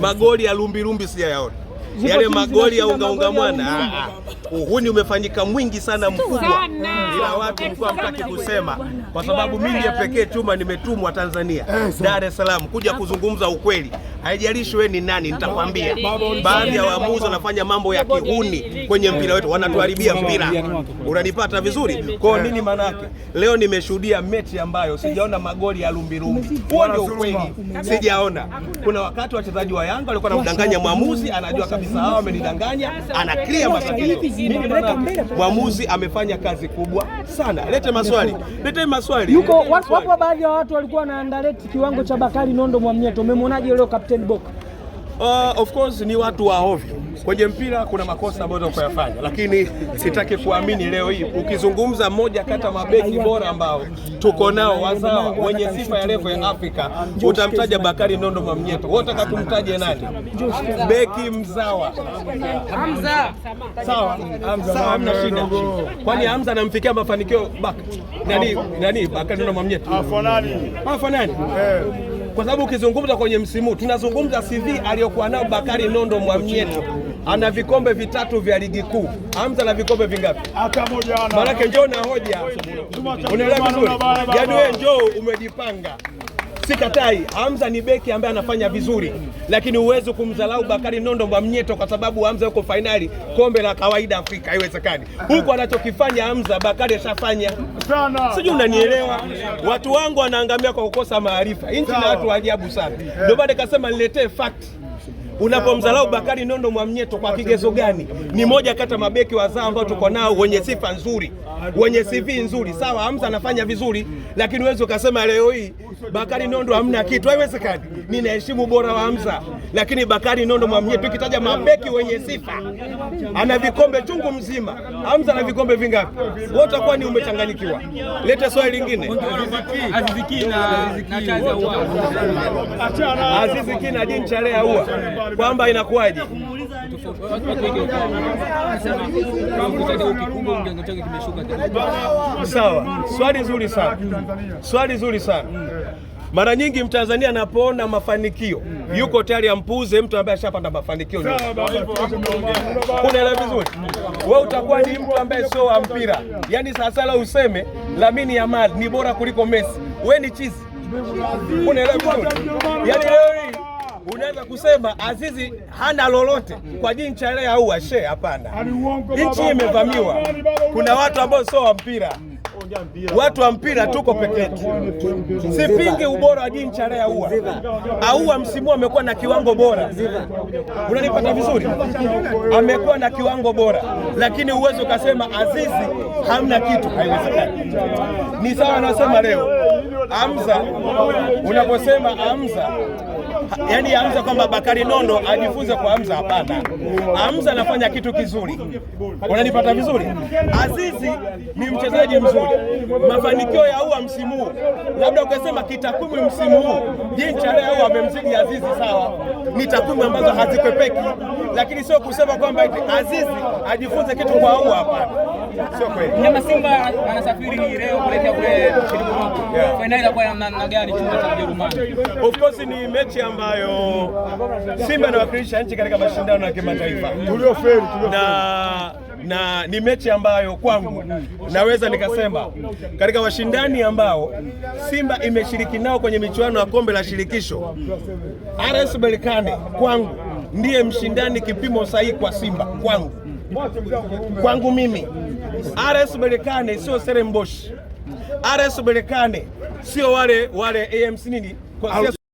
magoli ya lumbilumbi sijayaona yale magoli ya ungaunga mwana ah, ah, uhuni umefanyika mwingi sana mkubwa, ila watu mkuwa mtaki kusema, kwa sababu mimi pekee Chuma nimetumwa Tanzania, eh, Dar es Salaam kuja kuzungumza ukweli haijalishi wewe ni nani, nitakwambia baadhi ya waamuzi wanafanya mambo ya kihuni kwenye mpira wetu, wanatuharibia mpira. Unanipata vizuri? Kwa nini? Maana yake leo nimeshuhudia mechi ambayo sijaona magoli ya lumbilumbi. Huo ndio kweli, sijaona. Kuna wakati wachezaji wa Yanga walikuwa wanamdanganya mwamuzi, anajua kabisa hawa wamenidanganya, ana clear matokeo. Mwamuzi amefanya kazi kubwa sana. Lete maswali, lete maswali. Yuko wapo baadhi ya watu walikuwa wanaandaleti kiwango cha Bakari Nondo Mwamnyeto, umemwonaje leo kapteni? Stenbock? Uh, of course ni watu wa ovyo kwenye mpira, kuna makosa ambayo tunayafanya, lakini sitaki kuamini leo hii ukizungumza mmoja kata mabeki bora ambao tuko nao wazao wenye sifa ya level ya Afrika utamtaja Bakari Nondo Mamnyeto, wataka tumtaje nani? Beki mzawa Hamza, sawa, hamna shida, kwani Hamza anamfikia mafanikio bak nani nani Bakari Nondo Mamnyeto afanani afanani eh kwa sababu ukizungumza kwenye msimu, tunazungumza CV aliyokuwa nao Bakari Nondo Mwamnyeto, ana vikombe vitatu vya ligi kuu. Hamza na vikombe vingapi? Hata moja. Maanake njoo na hoja, unaelewa vizuri. Yaani wewe njoo umejipanga Sikatai, Hamza ni beki ambaye anafanya vizuri, lakini huwezi kumdhalau Bakari Nondo Mwamnyeto kwa sababu Hamza yuko fainali kombe la kawaida Afrika, haiwezekani. Huku anachokifanya Hamza, Bakari ashafanya. Sijui unanielewa. Watu wangu wanaangamia kwa kukosa maarifa. Nchi na watu wa ajabu sana, eh. ndio maana nikasema niletee fact Unapomdharau Bakari Nondo Mwamnyeto kwa kigezo gani? Ni moja kati ya mabeki wazao ambao tuko nao wenye sifa nzuri, wenye CV nzuri. Sawa, Hamza anafanya vizuri, lakini uwezi ukasema leo hii Bakari Nondo hamna kitu, haiwezekani. Ninaheshimu bora wa Hamza, lakini Bakari Nondo Mwamnyeto ukitaja mabeki wenye sifa, ana vikombe chungu mzima. Hamza ana vikombe vingapi? Wewe utakuwa ni umechanganyikiwa. Leta swali lingine. Aziziki na Aziziki na Dincha huwa kwamba inakuwaje sawa. Swali zuri sana, swali zuri sana. Mara nyingi Mtanzania anapoona mafanikio mm. yuko tayari ampuze mtu ambaye ashapata mafanikio. Unaelewa vizuri? Wewe utakuwa ni mtu ambaye sio wa mpira, yaani sasala useme Lamine Yamal ni bora kuliko Messi, wewe ni chizi. Unaelewa vizuri? yaani unaweza kusema Azizi hana lolote kwa jinsi ile au ashe? Hapana, nchi imevamiwa. Kuna watu ambao sio wa mpira watu wa mpira tuko peke yetu. Sipingi ubora wa jincha Charles Ahoua. aua msimu amekuwa na kiwango bora, unanipata vizuri, amekuwa na kiwango bora, lakini uwezo ukasema Azizi hamna kitu, haiwezekani. Ni sawa, anasema leo Hamza, unaposema Hamza yaani Hamza kwamba Bakari Nondo ajifunze kwa Hamza. Hapana, Hamza anafanya kitu kizuri, unanipata vizuri. Azizi ni mchezaji mzuri. Mafanikio ya Ahoua msimu huu, labda ukasema kitakwimu msimu huu, jinsi Ahoua amemzidi Azizi, sawa, ni takwimu ambazo hazikwepeki, lakini sio kusema kwamba Azizi ajifunze kitu kwa huu, hapana. Sio kweli. Mnyama Simba anasafiri leo kule fainali chumba cha Ujerumani? Of course ni mechi ambayo Simba inawakilisha nchi katika mashindano ya kimataifa. Tuliofeli, tuliofeli. Na na ni mechi ambayo kwangu naweza nikasema katika washindani ambao Simba imeshiriki nao kwenye michuano ya kombe la shirikisho, RS Berkane kwangu ndiye mshindani kipimo sahihi kwa Simba kwangu. Kwangu mimi RS Berkane sio Seremboshi, RS Berkane sio wale wale AMC nini